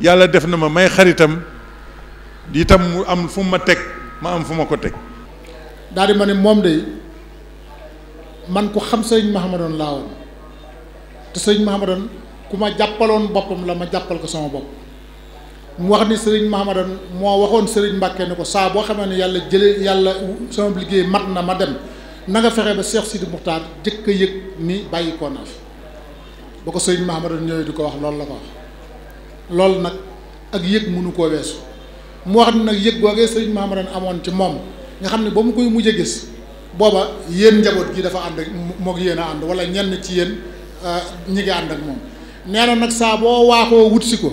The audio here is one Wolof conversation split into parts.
yàlla def na ma may xaritam itam mu am fu ma teg ma am fu ma ko teg daal di ma ne moom de man ku xam sëñ Mahamadan laa woon te sëñ Mahamadan ku ma jàppaloon boppam la ma jàppal ko sama bopp mu wax ni sëriñ Mahamadan moo waxoon sëriñ Mbàkke ne ko saa boo xamee ne yàlla jële yàlla sama liggéey mat na ma dem na nga fexe ba Cheikh Sidi Muxtaar jëkk a yëg ni bàyyi koo naa fi ba ko sëriñ Mahamadan ñëwee di ko wax loolu la ko wax loolu nag ak yëg mënu koo weesu mu wax ne nag yëg googee sëriñ Mamadou amoon ci moom nga xam ne ba mu koy mujj a gis booba yéen njaboot gi dafa ànd ak moog yéen a ànd wala ñenn ci yéen euh, ñi ngi ànd ak moom nee nag saa boo waaxoo wut si ko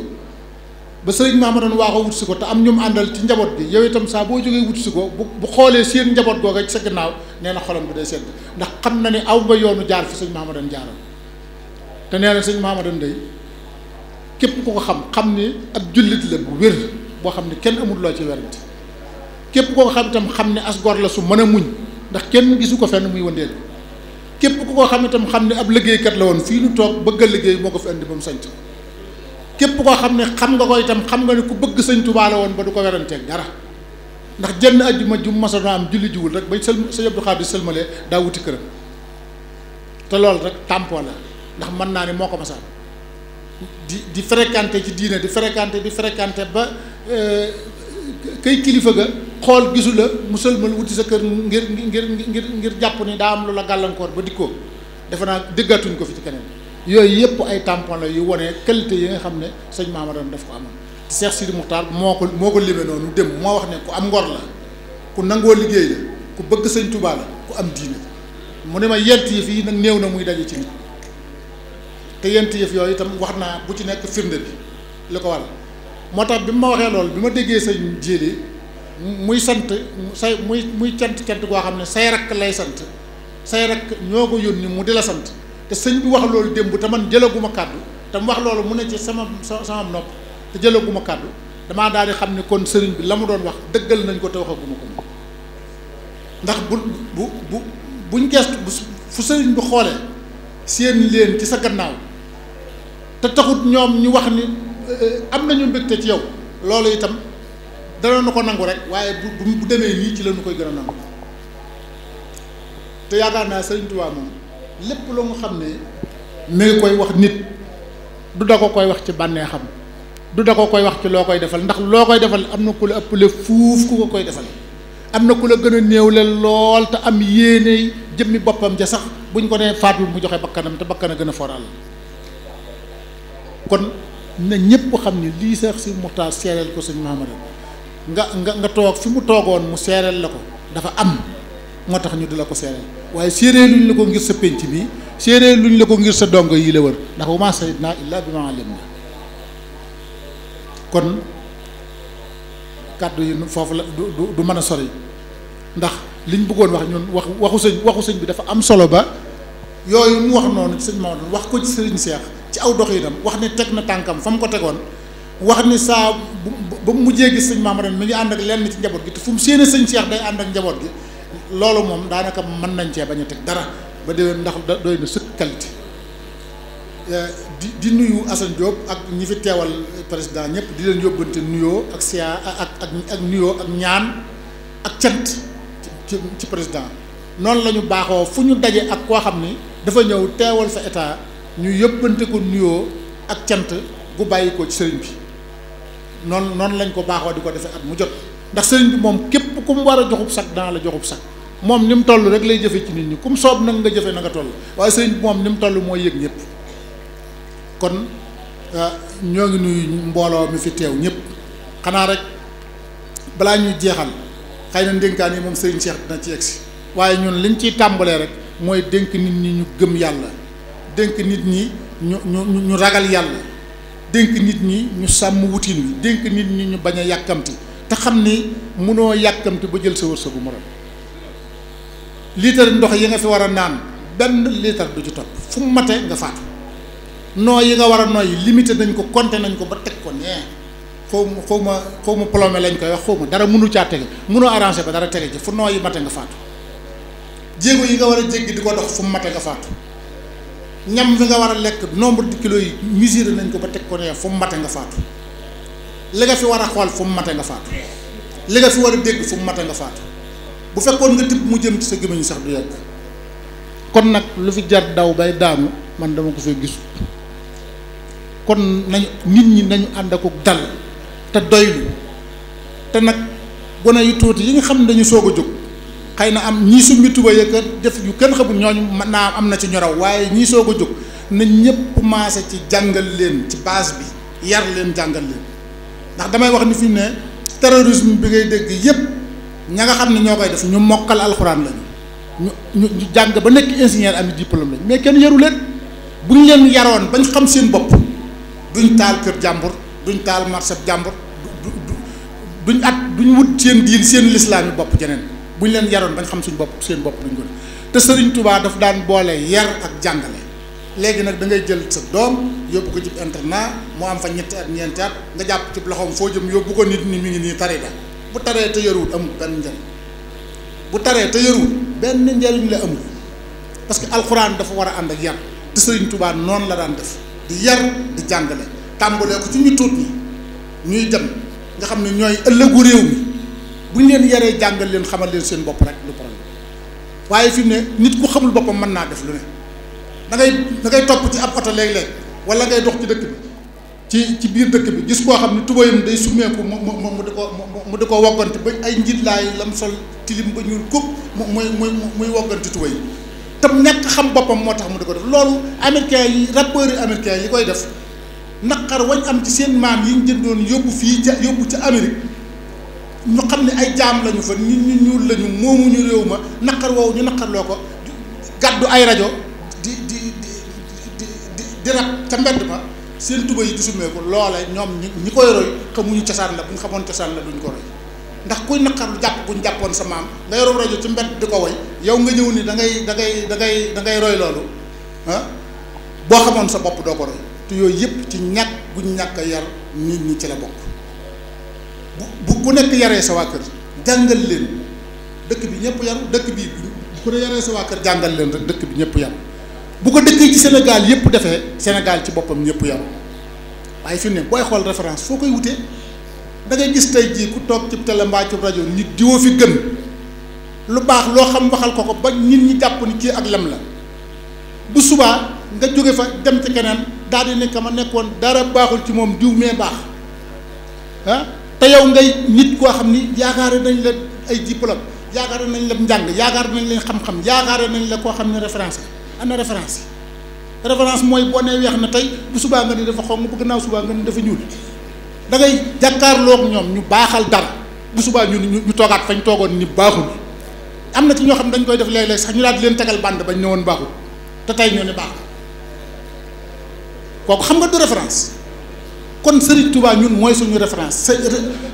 ba sëriñ Mamadou waaxoo wut si ko te am ñoom àndal ci njaboot bi yow itam saa boo jógee wut si ko bu bu xoolee seen njaboot googa ci sa gannaaw nee na xolam bi day sedd ndax xam na ni aw nga yoonu jaar fi sëriñ Mamadou jaaral te nee na sëriñ Mamadou day képp ku ko xam xam ni ab jullit la bu wér boo xam ne kenn amul loo ci werante képp koo xam itam xam ne as gor la su mën a muñ ndax kenn gisu ko fenn muy wëndeel képp ku ko xam itam xam ne ab liggéeykat la woon fii nu toog bëgg a liggéey moo ko fi indi ba mu sañc képp koo xam ne xam nga ko itam xam nga ne ku bëgg sëñ Tuubaa la woon ba du ko weranteeg dara ndax jenn ajjuma ju masoon am julli jiwul rek bañ sël sëñ Abdou Khadre sëlmalee daa wuti këram te loolu rek tàmpoo la ndax mën naa ne moo ko masaan di di fréquenté ci diine di fréquenté di fréquenté ba euh, kay kilifa ga xool gisu la musalmal wuti sa kër ngir ngir ngir ngir jàpp ni daa am lu la gàllankoor ba dikkoo defe naa déggatuñ ko fi ci keneen yooyu yëpp ay tampon la yu wane qualité yi nga xam ne sëñ Mamadou daf ko amoon Cheikh Sidi Moukhtar moo ko moo ko lime noonu dem moo wax ne ku am ngor la ku nangoo liggéey ku bëgg sëñ Touba la ku am diine mu ne ma yent yi fii nag néew na muy daje ci nit te yent yëf yooyu itam wax naa bu ci nekk firnde bi li ko wàll moo tax bi ma waxee loolu bi ma déggee sa jiili muy sant say muy muy cant cant goo xam ne say rakk lay sant say rakk ñoo ko yónni mu di la sant te sëñ bi wax loolu démb te man jëlaguma kàddu te mu wax loolu mu ne ci sama sama nopp te jëlaguma kàddu damaa daal di xam ne kon sëriñ bi la mu doon wax dëggal nañ ko te waxaguma ko ndax bu bu bu buñ gestu fu sëriñ bi xoolee seen leen ci sa gannaaw te taxut ñoom ñu wax ni euh, euh, am nañu mbégte ci yow loolu itam dana nu ko nangu rek waaye bu bu demee nii ci la ñu koy gën a nangu te yaakaar naa Sëriñ Tuubaa moom lépp lu nga xam ne mi koy wax nit du da ko koy wax ci bànneexam du da ko koy wax ci loo koy defal ndax loo koy defal am na ku la ëppale fuuf ku ko koy desal am na ku la gën a néewle lool te am yéene jëmmi boppam ja sax buñ ko nee faatul mu joxe bakkanam te bakkan a gën a foral kon na ñëpp xam ne lii Seex Si Muxtaar seereel ko sëñ Mahamadu nga nga nga toog fi mu toogoon mu seereel la ko dafa am moo tax ñu di la ko seereel waaye séeree luñ la ko ngir sa pénc bi séeree luñ la ko ngir sa dongo yi la wër ndax wa maa shahidnaa illaa bimaa alimnaa kon kàddu yi foofu la du du mën a sori ndax li ñu bëggoon wax ñun wax waxu sëñ waxu sëñ bi dafa am solo ba yooyu mu wax noonu sëñ Maodo wax ko ci sëriñ Seex ci aw dox doxinam wax ni teg na tànkam fa mu ko tegoon wax ni saa ba mu mujjee gis sëñ Maam Mor mi ngi ànd ak lenn ci njaboot gi te fu mu séenee sëñ Cheikh day ànd ak njaboot gi loolu moom daanaka mën nañ cee bañ a teg dara ba déwén ndax doy na sëkk qualité eh, di di nuyu Assane Diop ak ñi fi teewal président ñëpp di leen yóbbante nuyoo ak sia ak ak ak nuyoo ak ñaan ak cant ci président noonu la ñu baaxoo fu ñu dajee ak koo xam ni dafa ñëw teewal sa état. ñu yëbbante ko nuyoo ak cant gu bàyyi ko ci sëriñ bi noonu noonu lañ ko baaxoo di ko defee at mu jot ndax sëriñ bi moom képp ku mu war a joxub sag dana la joxub sag moom ni mu toll rek lay jëfe ci nit ñi ku mu soob nag nga jëfe na nga toll waaye sëriñ bi moom ni mu toll mooy yëg ñëpp kon ah, ñoo ngi nuyu mbooloo mi fi teew ñëpp xanaa rek balaa ñuy jeexal xëy na ndénkaan yi moom sëriñ Cheikh dina ci egsi waaye ñun lañ ciy tàmbalee rek mooy dénk nit ñi ñu gëm yàlla dénk nit ñi ñu ñu ñu ragal yàlla dénk nit ñi ñu sàmm wutin wi dénk nit ñi ñu bañ a yàkkamti te xam ni mënoo yàkkamti ba jël sa wërsëgu morom litre ndox yi nga fi war a naan benn litre bu ci topp fu mu mate nga faatu noo yi nga war a nooy limité nañ ko compté nañ ko ba teg ko nee xaw ma xaw ma xaw ma plomé lañ koy wax xaw ma dara mënu caa tege mënoo ba dara tege ci fu noo yi mate nga faatu jéego yi nga war a jéggi di ko dox fu mu mate nga faatu ñam fi nga war a lekk nombre de kilo yi mesuré nañ ko ko teg ko ne fu mu mate nga faatu li nga fi war a xool fu mu mate nga faatu li nga fi war a dégg fu mu mate nga faatu bu fekkoon nga tibb mu jëm ci sa gémmiñ sax du yegg kon nag lu fi jar daw bay daanu man dama ko fee gis kon nañu nit ñi nañu ànd ak dal te doylu te nag gone yu tuuti yi nga xam ne dañu soog a jóg. xay na am ñii summi tuba yëkkat def yu kenn xamul ñooñu mën naa am na ci ñoraw waaye ñii soo ko jóg na ñëpp maase ci jàngal leen ci base bi yar leen jàngal leen ndax damay wax ni fi ne terrorisme bi ngay dégg yëpp ña nga xam ne ñoo koy def ñu mokkal alxuraan lañu ñu ñu ñu jàng ba nekk ingénieur am diplôme lañ mais kenn yaru leen ñu leen yaroon bañ xam seen bopp duñ taal kër jàmbur duñ taal marché jàmbur duñ at duñ wut seen diin seen lislaam yi bopp jeneen bu ñu leen yaroon bañ xam suñ bopp seen bopp ñu ko te Serigne Touba daf daan boole yar ak jàngale léegi nag da ngay jël sa doom yóbbu ko ci internat moo am fa ñetti at ñeenti at nga jàpp ci loxoom foo jëm yóbbu ko nit ñi mi ngi nii tari ba bu taree te yaruwul amul benn njëriñ bu taree te yaruwul benn njëriñ la amul parce que alxuraan dafa war a ànd ak yar te Serigne Touba noonu la daan def di yar di jàngale tàmbalee ko ci ñu tuut ñi ñuy dem nga xam ne ñooy réew bu ñu leen yaree jàngal leen xamal leen seen bopp rek lu problème waaye fi mu ne nit ku xamul boppam mën naa def lu ne da ngay da ngay topp ci ab oto léeg-léeg wala ngay dox ci dëkk bi ci ci biir dëkk bi gis koo xam ne tubéyam day summeeku mu mu mu di ko mu di ko woggante ba ay njiitlaay lam sol tilim ba ñuul kuk mu muy muy muy woggante tubéy tam nekk xam boppam moo tax mu di ko def loolu américain yi rappeurs yi américain yi koy def naqar wañ am ci seen maam yi ñu jëndoon yóbbu fii ca yóbbu ca Amérique ñu xam ne ay jaam lañu fa nit ñu ñuul lañu moomuñu réew ma naqar woowu ñu naqarloo ko gàddu ay rajo di di di di di rab ca mbedd ma seen tuba yi di sumeeku loola ñoom ñi ñi koy roy xamuñu cosaan la bu ñu xamoon cosaan la duñ ko roy ndax kuy naqar lu jàpp kuñ jàppoon sa maam ngay rob rajo ci mbedd di ko woy yow nga ñëw nii dangay dangay dangay ngay da ngay roy loolu ah? boo xamoon sa bopp doo ko roy te yooyu yëpp ci ñàkk guñ ñàkk yar nit ñi ci la bokk bu bu nekk yaree sa waa kër jàngal leen dëkk bi ñëpp yaru dëkk bi bu ko yaree kër jàngal leen rek dëkk bi ñëpp yaru bu ko dëkk yi ci Sénégal yëpp defee senegal ci boppam ñëpp yaru waaye fi ne booy xool référence foo koy wutee dangay gis tey jii ku toog ci télé mbaa ci rajo nit diwoo fi gën lu baax loo xam waxal ko ko ba nit ñi jàpp ni kii ak lem la bu subaa nga jóge fa dem ci keneen daal di nekk ma nekkoon dara baaxul ci moom diw mee baax ah? te yow ngay nit koo xam ni yaakaar nañ la ay diplôme yaakaar nañ la njàng yaakaar nañ la xam-xam yaakaar nañ la koo xam ne référence la ana référence référence mooy boo nee weex na tey bu subaa nga ni dafa xonq bu gannaaw subaa nga ni dafa ñuul da ngay jàkkaarloog ñoom ñu baaxal dara bu subaa ñu ñu toogaat fañ toogoon ni baaxul am na ci ñoo xam dañ koy def léeg-léeg sax ñu daal di leen tegal bande bañ ne woon baaxul te tey ñoo ne baax kooku xam nga du référence. kon Serigne tubaa ñun mooy suñu référence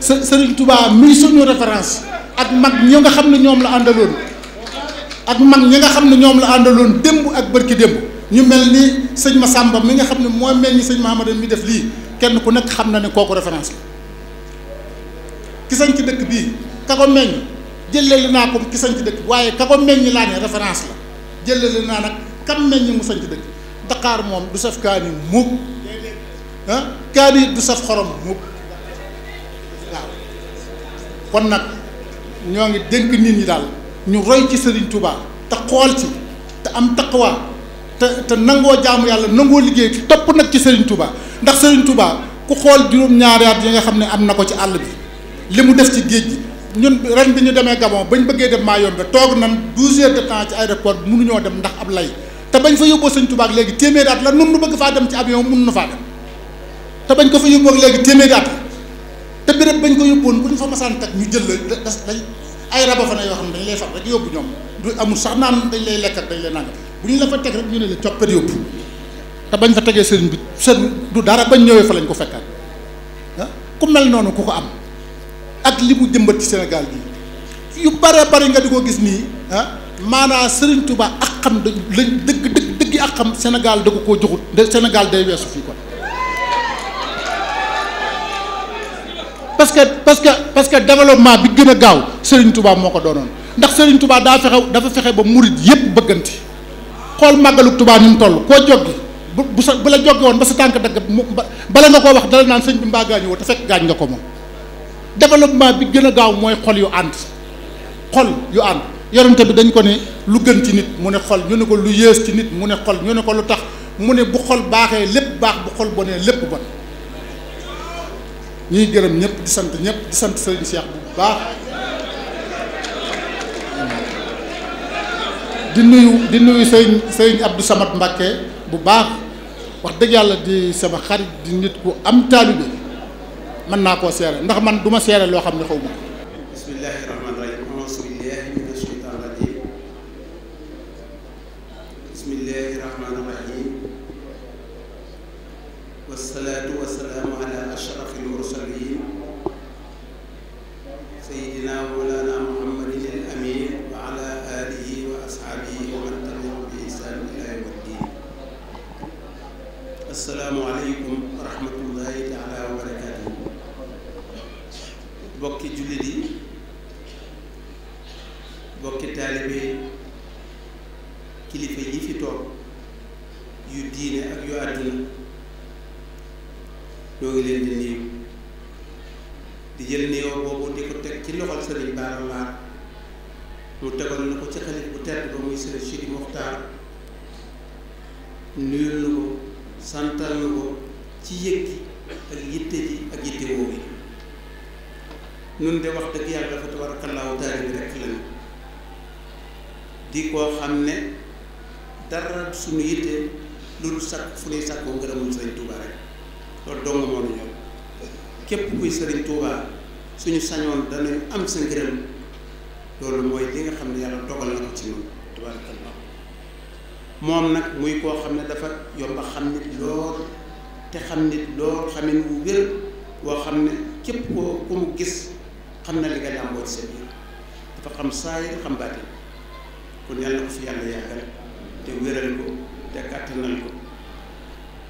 sa Serigne Touba mii suñu référence ak mag ñi nga xam ne ñoom la àndaloon ak mag ñi nga xam ne ñoom la àndaloon démb ak bërki démb ñu mel ni sëñ ma Massamba mi nga xam ne mooy mel ni sëñ Mahamadan mi def lii kenn ku nekk xam na ne kooku référence la ki sëñ ci dëkk bii ka ko meññ jëleli naa ko ki sañ ci dëkk waaye ka ko meññ laa ne référence la jëleli naa nag kam meññ mu sañ ci dëkk Dakar moom du saf kaani mukk kaani du saf xorom mukk waaw kon nag ñoo ngi dénk nit ñi daal ñu roy ci Serigne Touba te xool ci te am taqwa te te nangoo jaamu yàlla nangoo liggéey ci topp nag ci Serigne tubaa ndax Serigne Touba ku xool juróom-ñaari at yi nga xam ne am na ko ci àll bi li mu def ci géej gi ñun ren bi ñu demee Gabon bañ bëggee dem maa yombe toog nan douze heures de temps ci aéroport mënuñoo dem ndax ab lay te bañ fa yóbboo Serigne Touba léegi téeméeri at la nun nu bëgg faa dem ci avion mun na faa te bañ ko fa yóbbu ak léegi téeméeri at te béréb bañ ko yóbbuwoon bu ñu fa masaan teg ñu jël la das dañ ay raba fa ne yoo xam ne dañ lay far rek ñoom du amul sax naan dañ lay lekkat dañ lay nangam bu ñu la fa teg rek ñu ne la coppet te bañ fa tegee sëriñ bi sër du dara bañ ñëwee fa lañ ko fekkaat ah ku mel noonu ku ko am ak li mu jëmbat ci Sénégal bi yu bare bari nga di ko gis nii ah maanaa sëriñ Touba ak xam dañ lañ dëgg dëgg dëgg ak xam Sénégal da ko koo joxut Sénégal day weesu fii quoi. parce que parce que parce que développement bi gën a gaaw Serigne Touba moo ko doonoon ndax Serigne Touba daa fexe dafa fexe ba murit yëpp bëgganti xool màggalu Touba ni mu toll koo joggi bu bu sa bu la joggi woon ba sa tànk dagg bala nga koo wax dala naan sëñ bi mbaa gaañu te fekk gaañ nga ko moom développement bi gën a gaaw mooy xol yu ànd xol yu ànd yonente bi dañ ko ne lu gën ci nit mu ne xol ñu ne ko lu yées ci nit mu ne xol ñu ne ko lu tax mu ne bu xol baaxee lépp baax bu xol bonee lépp bon ñu ngi gërëm ñëpp di sant ñëpp di sant Serigne Cheikh bu baax di nuyu di nuyu Serigne Serigne Abdou Samad Mbacké bu baax wax dëgg yàlla di sama xarit di nit ku am taalibe mën naa koo seere ndax man duma ma seere loo xam ne xaw ma ko. bismillahi yu diine ak yu àdduna ñoo ngi leen di nuyu di jël nuyoo boobu di ko teg ci loxol sëriñ Bara Mar mu tegal na ko ci xalif bu tedd ba muy sëriñ Sidi Moxtaar nuyul na ko santal na ci yëg gi ak yitte ji ak yitte woowu yi nun de wax dëgg yàlla dafa tabarakallaahu taalibi rekk lañu di koo xam ne dara suñu yitte lu dul sàkk fu ñuy sàkkoo ngërëmul sëriñ Touba rek loolu dong kuy sëriñ Touba suñu sañoon danañ am sa ngërëm loolu nga xam ne yàlla dogal na ko ci ñun tabarakallah moom nag muy koo xam ne dafa yomba xam nit lool te xam nit lool xamin wu wér woo xam ne képp koo ku mu gis xam na li nga làmboo ci sa biir dafa xam saay xam baati kon yàlla ko fi yàlla yàggal te wéral ko te kàttan nañ ko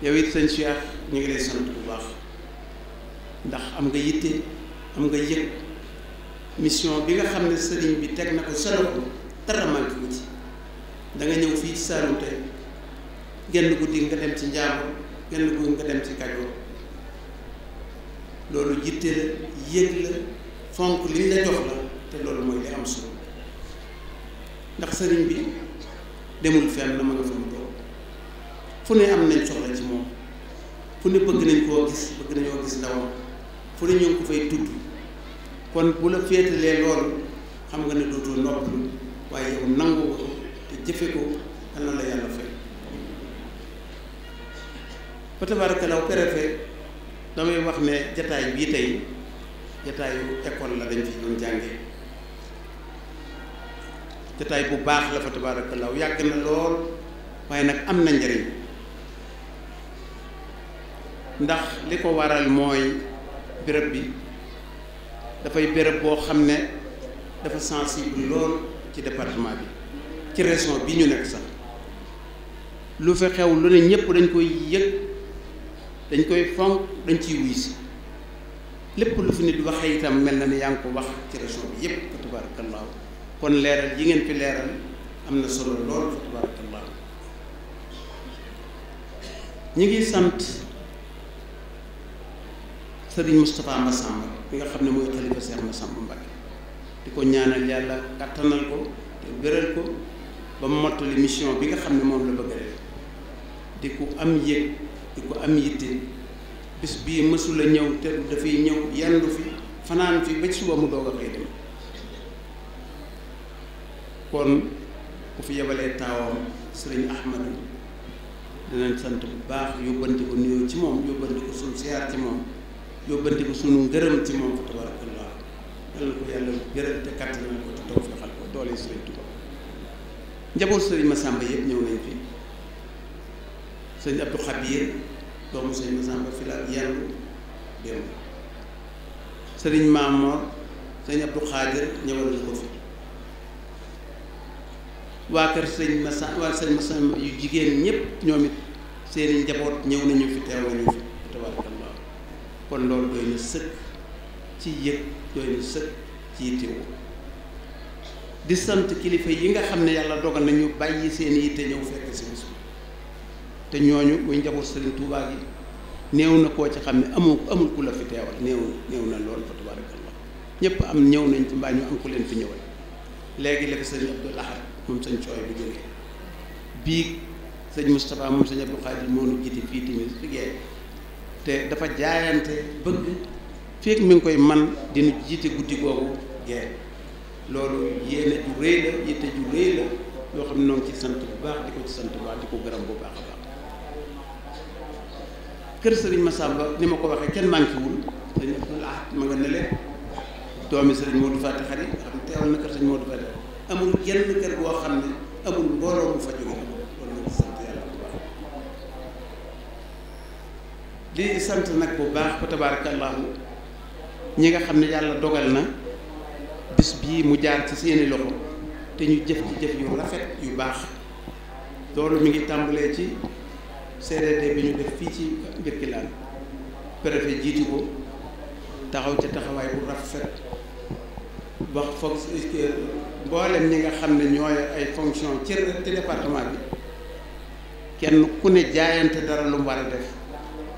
yow it sëñ Cheikh ñu ngi lay sant bu baax ndax am nga yitte am nga yëg mission bi nga xam ne sëriñ bi teg na ko solo ko dara ci da ñëw fii ci Saloum genn guddi nga dem ci Njaago genn guddi nga dem ci Kajoor loolu yitte la yëg la fonk liñ la jox la te loolu mooy li am solo ndax sëriñ bi demul fenn ma nga fa fu ne am nañ soxla ci moom fu ne bëgg nañ koo gis bëgg nañoo gis ndawam fu ne ñu ko fay tudd kon bu la féetalee loolu xam nga ne dootoo noppalu waaye yow nangu ko te jëfe ko yal na la yàlla fay fa tabarakalaw préfet damay wax ne jataay bii tey jataayu école la dañ fi doon jàngee jataay bu baax la fa tabarakalaw yàgg na lool waaye nag am na njëriñ ndax li ko waral mooy bërëb bi dafay bërëb boo xam ne dafa sensible lool ci département bi ci région bi ñu nekk sax lu fi xew lu ne ñëpp dañ koy yëg dañ koy fonk dañ ciy wuy lépp lu fi nit waxee itam mel na ne yaa ngi ko wax ci région bi yëpp fa tabaarakallaahu kon leeral yi ngeen fi leeral am na solo lool fa tabaarakallaahu ñi ngi sant sëriñ Moustapha Massamba mi nga xam ne mooy xalifa Seex Massamba Mbacke di ko ñaanal yàlla kattanal ko te béral ko ba mottali mission bi nga xam ne moom la bëgg a di ko am yëg di ko am yitte bis bii mësula ñëw te dafay ñëw yandu fi fanaan fi ba suba mu doog a xëy dem kon ku fi yebalee taawam sëriñ Ahmadou dinañ sant bu baax yóbbante ko nuyoo ci moom yóbbante suñu siyaar ci moom yóbbante ko suñu ngërëm ci moom fa tabarakallah yal na yàlla ko te ko doole Sëriñ Tuuba njaboot Sëriñ Masamba yëpp ñëw nañ fi sëñ Abdou Xabir doomu Sëriñ Masamba fi la yenn démb sëriñ Maamoor sëñ Abdou ko fi waa kër sëñ Masamba waa sëñ Masamba yu jigéen ñëpp ñoom it seeni njaboot ñëw nañu fi teew nañu fi kon loolu doy na sëkk ci yëg doy na sëkk ci yittewu di sant kilifa yi nga xam ne yàlla dogal nañu bàyyi seen yitte ñëw fekk si bis te ñooñu muy njaboot sëriñ Tuubaa gi néew na koo ci xam ne amoo amul ku la fi teewal néew néew na lool fa tabaarakallah ñëpp am ñëw nañ ci mbaa ñu am ku leen fi ñëwal léegi la fi sëriñ Abdul Ahad moom sëñ cooy bu jógee bii sëñ Moustapha moom sëñ Abdou Khadir moo nu jiite fii tamit liggéey te dafa jaayante bëgg feek mu ngi koy man dinu jiite guddi googu gee loolu yéene ju réy la yitte ju réy la yoo xam ne noo ngi ci sant bu baax di ko ci sant bu baax di ko gërëm bu baax a baax kër sëriñ Massamba ni ma ko waxee kenn mànkiwul sëriñ Abdul Ahad ma nga nele doomi sëriñ Modou Faty Khary xam teewal na kër sëriñ Modou Faty amul genn kër goo xam ne amul mbooloo mu fa jóge di sant nag bu baax fa tabaarakallaahu ñi nga xam ne yàlla dogal na bis bii mu jaar ci seeni loxo te ñu jëf ci jëf yu rafet yu baax loolu mi ngi tàmbalee ci de bi ñu def fii ci Birkilane préfet jiitu ko taxaw ca taxawaay bu rafet wax foog mboolem ñi nga xam ne ñooy ay fonction ci département bi kenn ku ne jaayante dara lu mu a def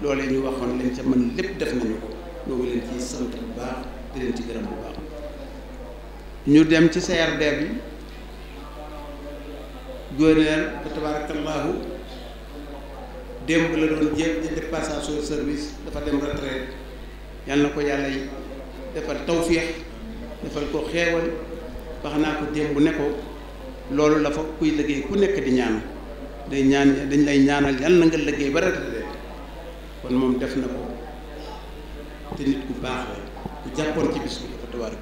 loolee ñu waxoon leen ca man lépp def nañu ko ñoo ngi leen ciy bu baax ci gërëm bu baax ñu dem ci CRD bi gouverneur ba tabarakallahu démb la doon jéem di def service dafa dem retraite yàlla na ko yàlla yi defal tawféex defal ko xeewal wax naa ko démb ne loolu la fa kuy liggéey ku nekk di ñaan day ñaan dañ lay ñaanal yàlla na nga liggéey ba retraite kon moom def na ko te nit ku baax la ku jàppoon ci bis bi dafa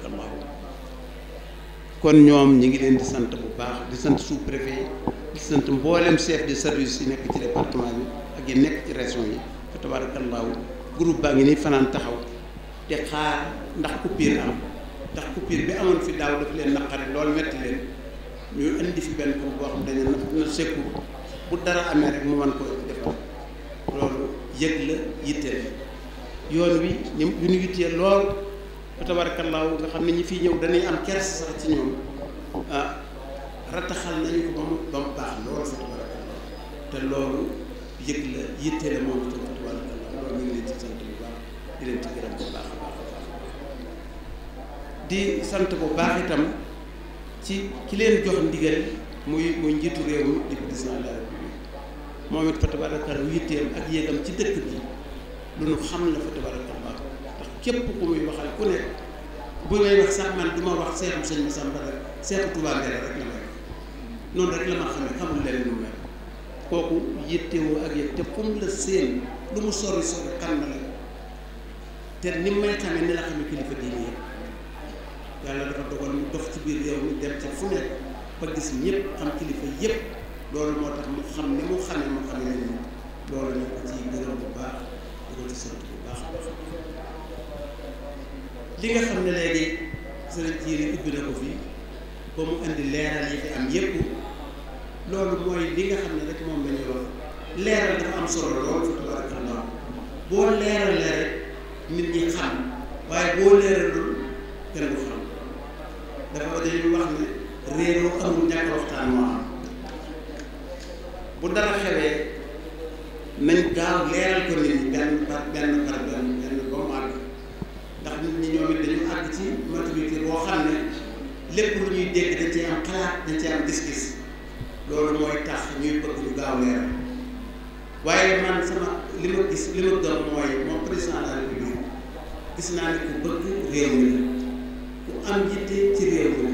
kon ñoom ñi ngi leen di sant bu baax di sant sous préfet di sant mboolem chef de service yi nekk ci département bi ak yi nekk ci région yi fa tabaarakallaahu groupe baa ngi ni fanaan taxaw te xaar ndax coupure am ndax coupure bi amoon fi daaw daf leen naqari loolu metti leen ñu indi fi benn ko boo xam dañu na sekku bu dara amee rek mu man ko yëg la yitteel yoon wi ñu ñu yitteel lool ba tabarakallaahu nga xam ne ñi fi ñëw dañuy am kersa sax ci ñoom ah rattaxal nañu ko ba mu baax lool fa tabarakallaahu te loolu yëg la yitte moom itam fa tabarakallaahu loolu ñu ngi leen sant bu baax di ci sant bu baax itam ci ki leen jox ndigal muy muy njiitu réew mi di président de la moom it fa tabaarakallaahu yitteem ak yéegam ci dëkk bi lu nu xam la fa tabaarakallaahu ndax képp ku muy waxal ku nekk bu ngay wax sax man du ma wax seetu sëñ Masamba rek seetu noonu kooku yittewoo ak yëg te comme la seen lu mu sori sori xam na la te ni may xamee ni la xamee kilifa diine yëpp yàlla dafa dogal mu dox ci biir réew mi dem ca fu nekk ba gis ñëpp xam kilifa yëpp. loolu moo tax mu xam ni mu xamee mu xamee ni ñu loolu ñu ko ci bu baax di ko ci sant bu baax li nga xam ne léegi sëriñ Jiiri ubbi na ko fii ba mu indi leeral yi fi am yépp loolu mooy li nga xam ne rek moom lañuy ñuy wax leeral dafa am solo lool fa tabarakallah boo leeralee rek nit ñi xam waaye boo leeralul kenn du xam dafa dañuy wax ne réeroo am taxaw leeral ko nit ñi benn par benn par benn ba mu àgg ndax nit ñi ñoom it dañu àgg ci maturité boo xam ne lépp lu ñuy dégg dañ cee am xalaat dañ cee am gis-gis loolu mooy tax ñuy bëgg ñu gaaw leeral waaye man sama li ma gis li ma gëm mooy moom président de la république gis naa ne ku bëgg réew mi la ku am jiite ci réew mi la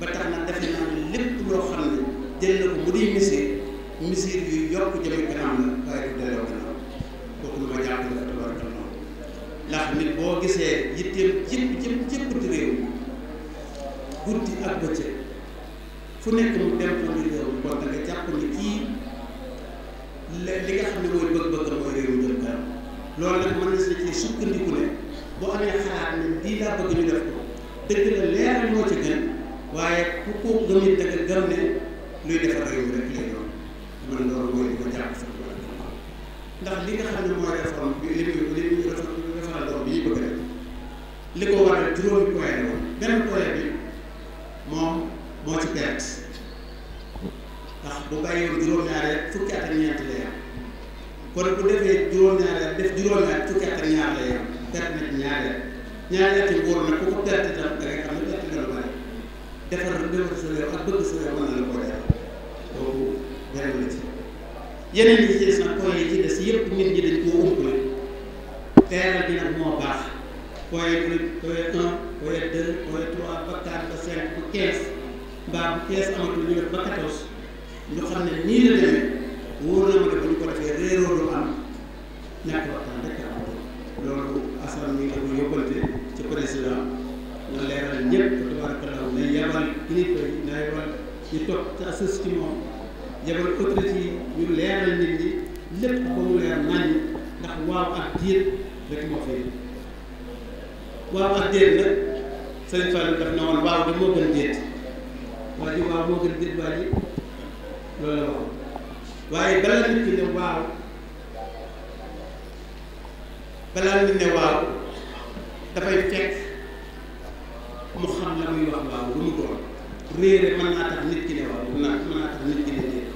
ba tax na defe naa lépp loo xam ne jël na ko bu dee mesure yu yokk jëme kanam la waaye du delloo boo gisee yitteem jëpp jëpp jëpp di réew guddi ak bëccëg fu nekk mu dem fa ngir réew kon da nga jàpp ni kii li nga xam ne mooy bëgg-bëgg mooy réew jëm kanam loolu nag mën na si ci sukkandiku ne boo amee xalaat ne lii laa bëgg ñu def ko dëgg la leer moo ci gën waaye ku ko gëmit da nga gëm ne luy defar réew rek lay man loolu mooy di ko jàpp sa ndax li nga xam ne mooy réforme bi li muy ñaar ñetti wóor na ku ko perte tam da ngay xam ne perte lu bari defar defar sa réew ak bëgg sa réew mën na la ko defal boobu benn yëpp nit ñi dañ koo umpale teeral bi moo baax koy bi koy un koy deux koy trois ba quatre ba cinq mbaa bu quinze amatul ñu def ba ñu xam ne nii la demee na ma ne ñu ko defee réeroo du am ñàkk waxtaan rek am loolu asal mi nga ko yóbbante président nga leeral ñëpp tabarakallah mais yabal kilifa yi na yabal ñu toog te assës moom yabal autorité yi leeral nit ñi lépp ba mu leer naññ ndax waaw ak déet rek moo fay waaw ak déet nag sëriñ Fallou daf na waaw da moo gën déet waa waaw moo gën déet waa loolu la waaye balaa nit ki ne waaw balaa nit ne waaw dafay fekk am yu wax waaw lu mu doon réere mën naa tax nit ki ne waaw mën naa naa tax nit ki ne déet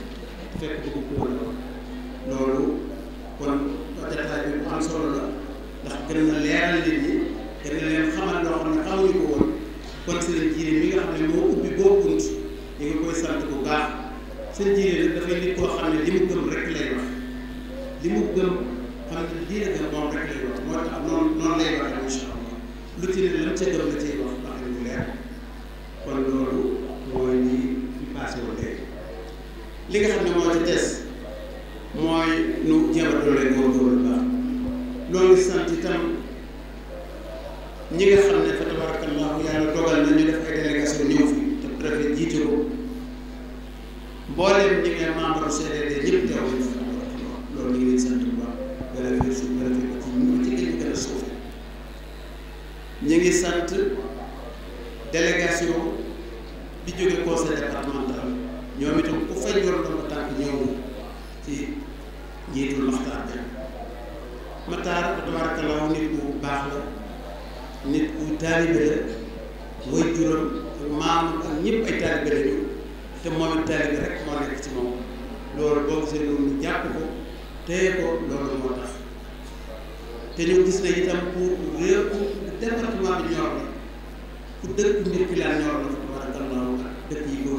fekk bëgg ko woon loolu kon jataay bi bu am solo la ndax gën na leeral nit ñi gën na leen xamal loo xam ne xamuñu ko woon kon sëriñ Jiiri mi nga xam ne moo ubbi boo bunt ñu ngi koy sant bu baax sëriñ Jiiri nag dafay nit koo xam ne li mu gëm rek lay wax li mu gëm xam ne lii la gëm moom rek lay wax moo tax noonu noonu lay waxee incha allah lu ci ne lan ca gëm la ci maam ak ñëpp ay taalibe lañu te moom it taalibe rek moo nekk ci moom loolu boo gisee ñoom jàpp ko téye ko loolu moo tax te ñu gis na itam pour réew pour département bi ñor la pour dëkk mbir bi laa ñor la dëkk yi ko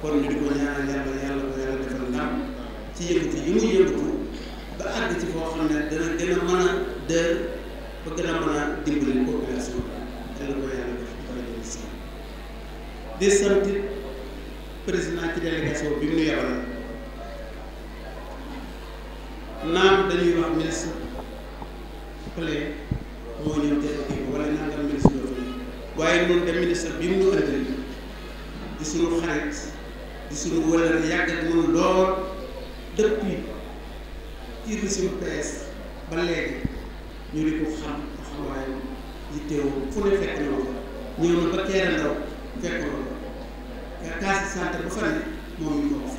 kon ñu di ko ñaanal yàlla yàlla ko yàlla defal ndam ci yëngatu yi muy yëngatu ba àgg ci foo xam ne dana gën a mën a dër ba gën a mën a dimbali population bi yàlla ko yàlla def ko yàlla di sant président ci délégation bi mu nu yebal naam dañuy wax ministre xale moo ñëw te wala nangam ministre dootu waaye noonu ministre bi mu nu di suñu xarit di suñu wëlal yàgg ak noonu lool depuis ci régime PS ba léegi ñu di ko xam taxawaayam yitteewoo fu ne fekk na ko ñëw na ba teel ndaw fekk na case santé bu fa ne moom ñu ko wax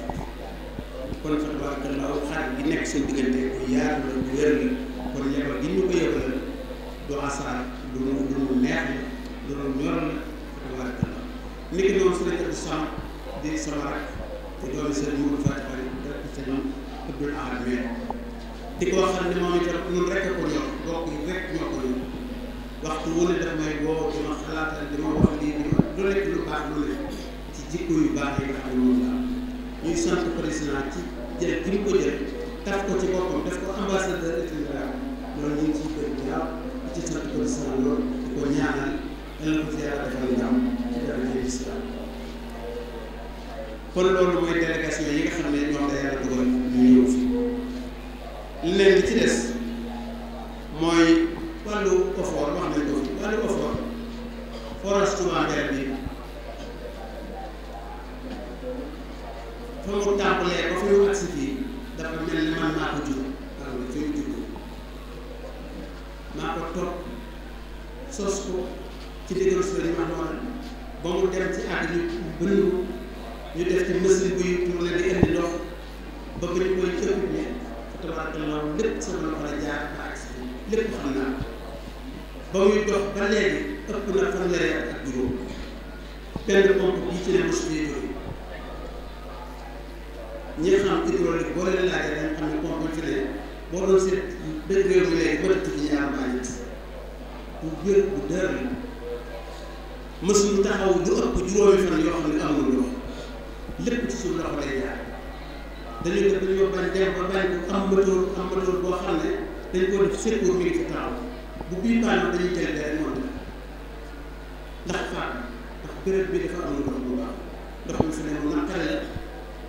kon fa tabarakallahu xarit gi nekk seen diggante ku yaatu la ku wér la kon yebal gi ñu ko yebal la du asaan du mu du mu neex la du mu ñor la tabarakallahu niki noonu su nekk du sam di sama rak te doomi seen muur fàtte bari rek seen Abdul Ahad meen di ko xam ne moom itam ñun rek ko ñor bokk yi rek ñoo ko ñor waxtu wu ne daf may woo di ma xalaatal di ma wax lii di ma lu nekk lu baax lu nekk jikko yu baax yi nga xam ne moom la am ñuy sant président ci jël bi mu ko jël taf ko ci boppam daf ko ambassadeur et cetera loolu ñu ngi ciy gën jaaw di ci sant président loolu di ko ñaanal yàlla ko ci yàlla defal jàmm ci daraja islam kon loolu mooy délégation yi nga xam ne ñoom la yàlla dogal ñu ñëw fi li leen di ci des fa mu tàmbalee ba fi mu agsi fii dafa mel ni man maa ko jur xam nga fi mu jur maa ko topp sos ko ci déggoon si lañu ma doon ba mu dem ci àgg ñu bënn ñu def ci machine buy tourné di indi ndox ba ba ñu koy cëpp ne fa tabarakallah lépp sama loxo la jaar ba agsi lépp xam naa ba muy dox ba léegi ëpp na fanweeri at ak juróom benn pompe bii ci la mos ñuy jóge ñi nga xam hydraulique boo leen laajee dañ xam ne pompe fi boo doon seet dëkk réew mi léegi ba def ñaar mbaa bu wér bu dër mësul taxaw du ëpp juróomi fan yoo xam ne amul ndox lépp ci suñu loxo lay jaar dañuy def dañoo bañ dem am moteur am moteur boo xam ne dañ ko def secours mi ci taxaw bu bii baax dañuy teel rek moom ndax faat ndax béréb bi dafa amul ndox bu baax ndox mi fi ne moom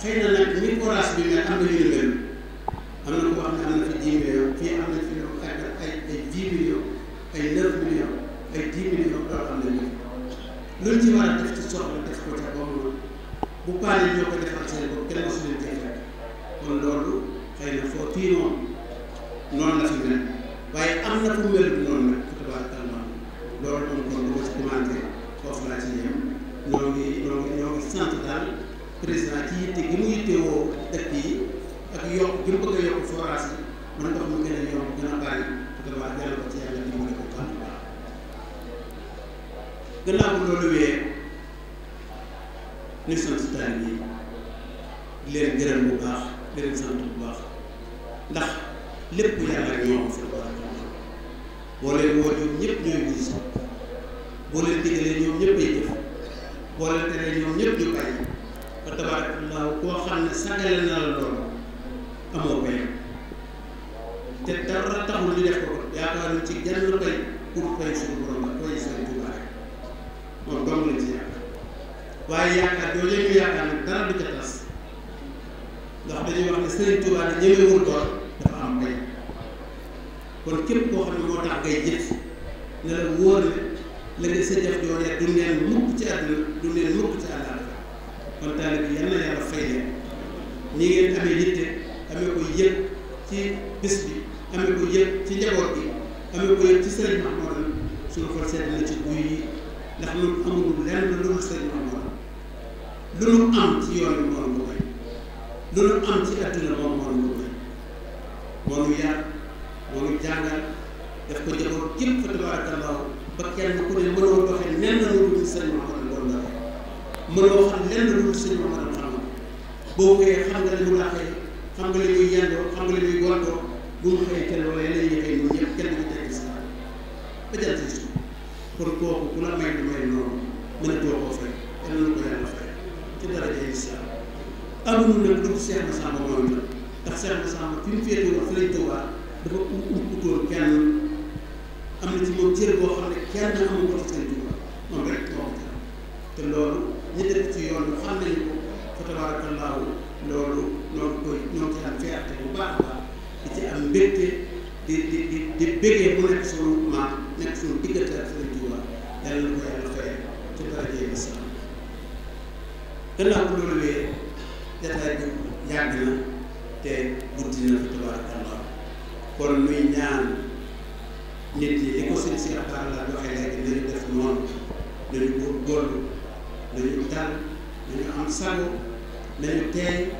xëy na nag ni forage bi nga am na ñu ne ak yokk gi ñu bëgg a yokk forage yi mën tax mu gën a gën a bari te damaa gën ko ci yàlla ñu mën a ko tontu baax gannaaw bu loolu wee ni sant taalibe yi di leen gërëm bu baax leen sant bu baax ndax lépp yàlla ñoom ñëpp boo leen digalee ñoom ñëpp ay boo leen teree ñoom ñëpp ñu bàyyi ba tabaarakallahu koo xam ne sàggale na la loolu amoo bay te dara taxul ñu def ko yaakaaruñ ci genn bay pour fay suñu borom la fay suñu Tuubaa moom dong lañ ci yaakaar waaye yaakaar yooyu yëpp yaakaar nag dara du ca ndax dañuy wax ne Sëriñ Tuubaa ne ñëwewul tool dafa am bay kon képp koo xam ne moo tax ngay jëf ne wóor ne la nga sa jëf joonee du neen mukk ci àdduna du kon taalibe bi na yàlla fay leen ñi ngeen amee yitte amee ko yëg ci bés bi amee ko yëg ci njaboot bi amee ko yëg ci sëriñ Mahmoudane suñu xol seet na ci guy yi ndax ñun amuñu lenn lu dul sëriñ Mahmoudane lu nu am ci yoon bi moom mooy lu nu am ci àdduna moom moom mooy moo nu yar moo nu jàngal daf ko njaboot képp fa tabaarakallaahu ba kenn ku ne mënoo doxee lenn lu dul sëriñ Mahmoudane loolu la mënoo xam lenn lu dul sëriñ Mahmoudane xam nga boo koy xam nga ne mu laaxee xam nga li muy yendoo xam nga li muy gontoo bu mu xëyee kenn wala yeneen ñu koy ñun ñëpp kenn du ko teg si ba jant si kon kooku ku la may du may noonu mën a too fay yal na ko yàlla fay ci daraja islam amuñu nag lu Seex Masamba moom la utoon kenn am na ci moom cër boo xam ne kenn amu a ci seen Tuuba moom rek moo te loolu ñi def ci yoon xam nañu ko fa tabaarakallaahu loolu ñoo ko ñoo ngi ci am fierté bu baax a baax di ci di di di di bégee bu nekk sunu maam nekk sunu diggante ak sunu Tuuba yàlla na ko yàlla fayal ci barke bi sax gannaaw bu loolu wee jataay bi yàgg na te guddi na fi tabarakallah kon nuy ñaan nit ñi li ko seen si abdal la waxee léegi nañu def noonu nañu góorgóorlu nañu dal nañu am sago nañu teey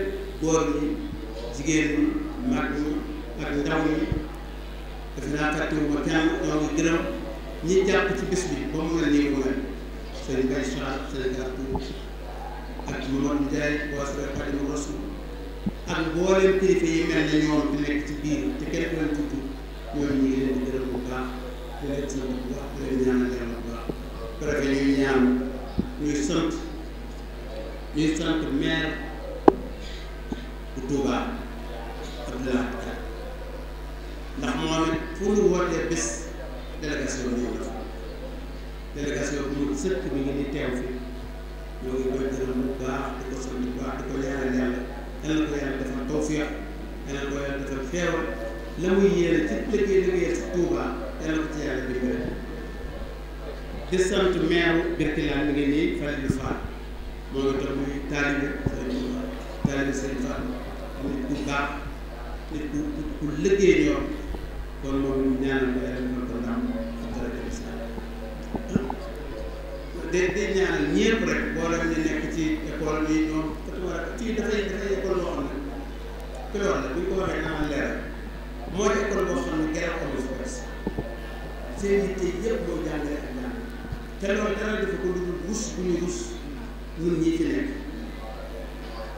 góor ñi jigéen mag ñi ak ndaw ñi defe naa fàttewuma kenn ñoo ngi gërëm ñi jàpp ci bés bi ba mu mel nii mu mel sëriñ Baye Soxna sëriñ Gakou ak Mamadou Ndiaye waasare Xaadimu Rasuul ak mboolem kilifa yi mel ne ñoom di nekk ci biir te kenn ku leen tudd ñoom ñu ngi leen di gërëm bu baax di leen sant bu baax di leen ñaanal yàlla bu baax préfet ñuy ñaan sant ñuy bu Tuubaa Abdoulaye Ka ndax moom it fu ñu wootee bés délégation bi ñëw délégation bi ñu sëkk bi ngi di teew fi ñoo ngi koy gërëm bu baax di ko sant bu baax di ko leeral yàlla yàlla ko yàlla defal tawfiq yàlla ko yàlla defal xeewal la muy yéene ci liggéey liggéey ci Tuubaa yàlla ko ci yàlla dimbale di sant meeru Birkilaan mi ngi nii Falilou Fall moo ngi toog muy taalibe Serigne Fall taalibe Serigne Fall nit ku baax nit ku ku liggéey ñoom kon moom ñaanal nga yàlla mën ko ndam ak daraja islam de de ñaanal ñëpp rek boolem ñu nekk ci école yi ñoom kat war a kii dafay dafay école boo xam ne ku yor la bu ñu ko waxee naa leeral mooy école boo xam ne gerte seen yitte yëpp mooy jàngale ak jàng te loolu dara dafa ko dugg rus bu ñu rus ñun ñii ci nekk.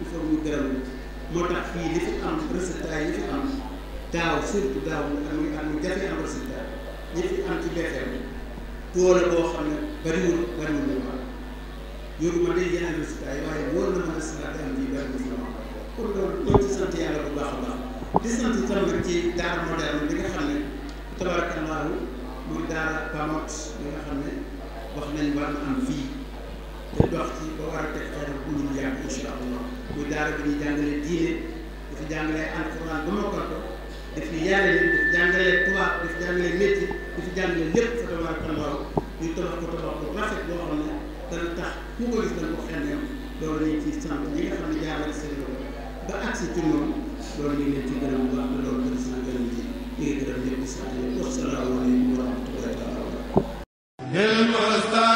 il faut ñu moo tax fii li fi am résultat yi fi am daaw surtout daaw mu am am mu am résultat ñi fi am ci BFM tool boo xam ne bariwul bariwul ñu ma yooyu man day yeneen waaye wóor na a salaat ma kon loolu doon ci moderne bi nga xam ne tabarakallahu muy daara pamot bi nga xam ne wax nañ war na am fii te dox ci ba war a teg xeer bu ñu yàgg incha allah muy daara bi ñuy jàngale diine dafa jàngale alxuraan ba mokkal ko dafa yaare ni dafa jàngale tubaab dafa jàngale métti dafa jàngale lépp fa tabarak Allah ñu tabax ko tabax ko rafet boo xam ne dana tax ku ko gis dana ko xemmeem loolu lañ ci sant ne jaarale seen loolu ba agsi ci loolu ñu ngi leen ci gërëm bu baax loolu gën si gërëm ji ñu ngi gërëm ñëpp di sant ñëpp wasalaamaaleykum wa rahmatullahi taala